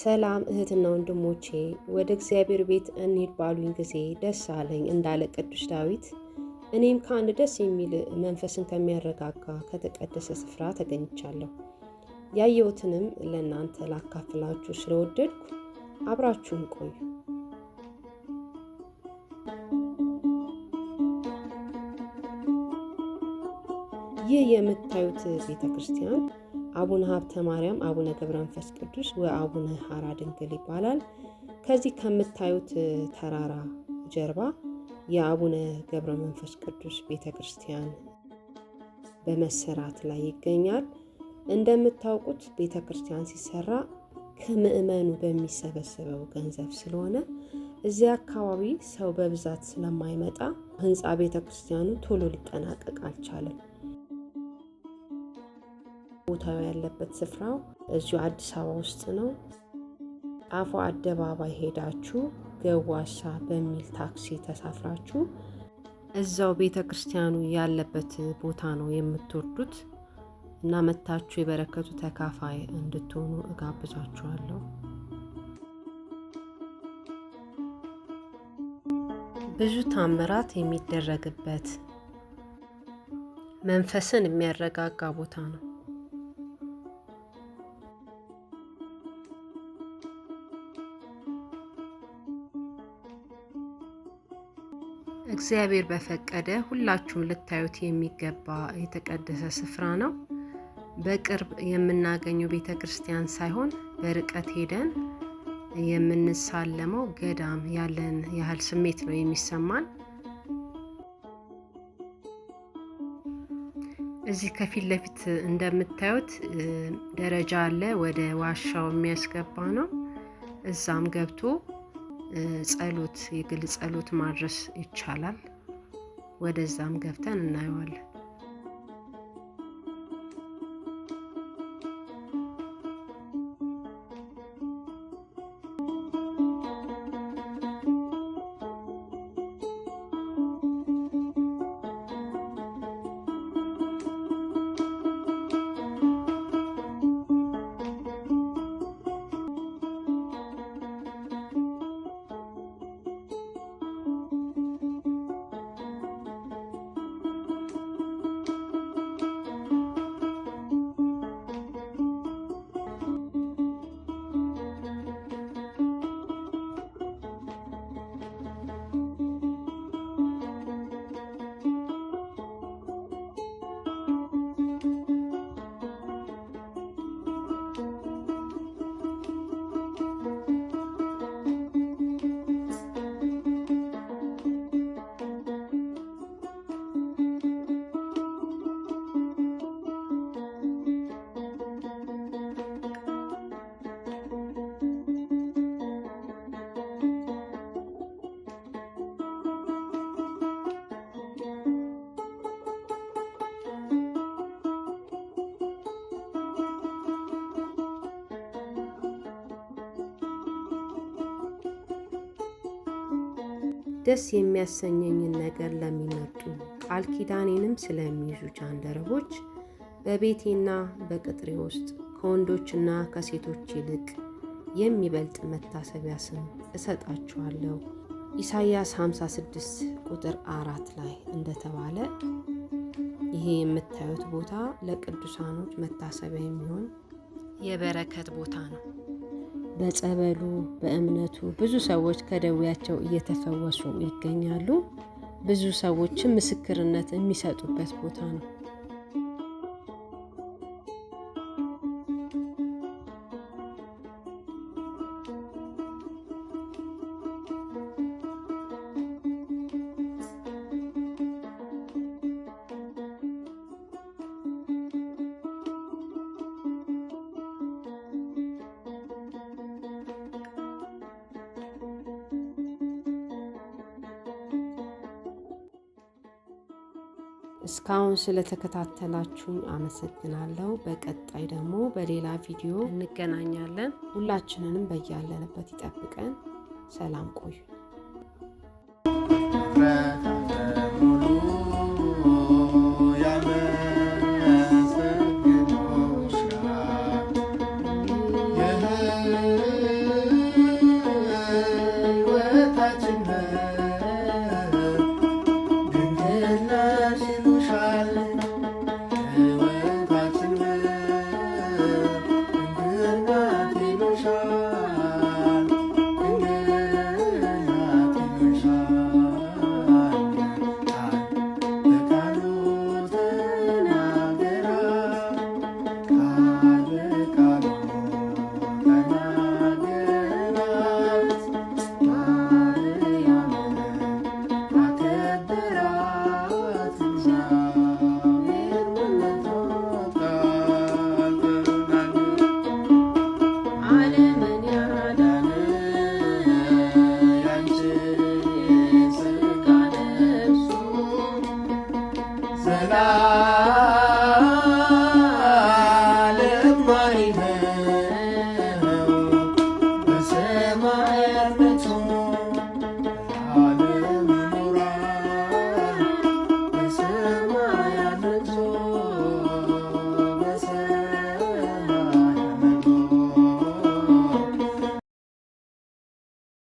ሰላም እህትና ወንድሞቼ ወደ እግዚአብሔር ቤት እንሂድ ባሉኝ ጊዜ ደስ አለኝ እንዳለ ቅዱስ ዳዊት እኔም ከአንድ ደስ የሚል መንፈስን ከሚያረጋጋ ከተቀደሰ ስፍራ ተገኝቻለሁ። ያየሁትንም ለእናንተ ላካፍላችሁ ስለወደድኩ አብራችሁን ቆዩ። ይህ የምታዩት ቤተ ክርስቲያን አቡነ ሀብተ ማርያም፣ አቡነ ገብረ መንፈስ ቅዱስ ወአቡነ ሀራ ድንግል ይባላል። ከዚህ ከምታዩት ተራራ ጀርባ የአቡነ ገብረ መንፈስ ቅዱስ ቤተ ክርስቲያን በመሰራት ላይ ይገኛል። እንደምታውቁት ቤተ ክርስቲያን ሲሰራ ከምዕመኑ በሚሰበሰበው ገንዘብ ስለሆነ እዚህ አካባቢ ሰው በብዛት ስለማይመጣ ህንፃ ቤተ ክርስቲያኑ ቶሎ ሊጠናቀቅ አልቻለም። ቦታው ያለበት ስፍራው እዚሁ አዲስ አበባ ውስጥ ነው። አፎ አደባባይ ሄዳችሁ ገዋሳ በሚል ታክሲ ተሳፍራችሁ እዛው ቤተ ክርስቲያኑ ያለበት ቦታ ነው የምትወርዱት እና መታችሁ የበረከቱ ተካፋይ እንድትሆኑ እጋብዛችኋለሁ። ብዙ ታምራት የሚደረግበት መንፈስን የሚያረጋጋ ቦታ ነው። እግዚአብሔር በፈቀደ ሁላችሁም ልታዩት የሚገባ የተቀደሰ ስፍራ ነው። በቅርብ የምናገኘው ቤተ ክርስቲያን ሳይሆን በርቀት ሄደን የምንሳለመው ገዳም ያለን ያህል ስሜት ነው የሚሰማን። እዚህ ከፊት ለፊት እንደምታዩት ደረጃ አለ፣ ወደ ዋሻው የሚያስገባ ነው። እዛም ገብቶ ጸሎት የግል ጸሎት ማድረስ ይቻላል። ወደዛም ገብተን እናየዋለን። ደስ የሚያሰኘኝን ነገር ለሚመጡ ቃል ኪዳኔንም ስለሚይዙ ጃንደረቦች በቤቴና በቅጥሬ ውስጥ ከወንዶችና ከሴቶች ይልቅ የሚበልጥ መታሰቢያ ስም እሰጣችኋለሁ። ኢሳይያስ 56 ቁጥር አራት ላይ እንደተባለ ይሄ የምታዩት ቦታ ለቅዱሳኖች መታሰቢያ የሚሆን የበረከት ቦታ ነው። በጸበሉ በእምነቱ ብዙ ሰዎች ከደዌያቸው እየተፈወሱ ይገኛሉ። ብዙ ሰዎችም ምስክርነት የሚሰጡበት ቦታ ነው። እስካሁን ስለተከታተላችሁኝ አመሰግናለሁ። በቀጣይ ደግሞ በሌላ ቪዲዮ እንገናኛለን። ሁላችንንም በያለንበት ይጠብቀን። ሰላም ቆዩ። Ah.